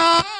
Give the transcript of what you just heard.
time.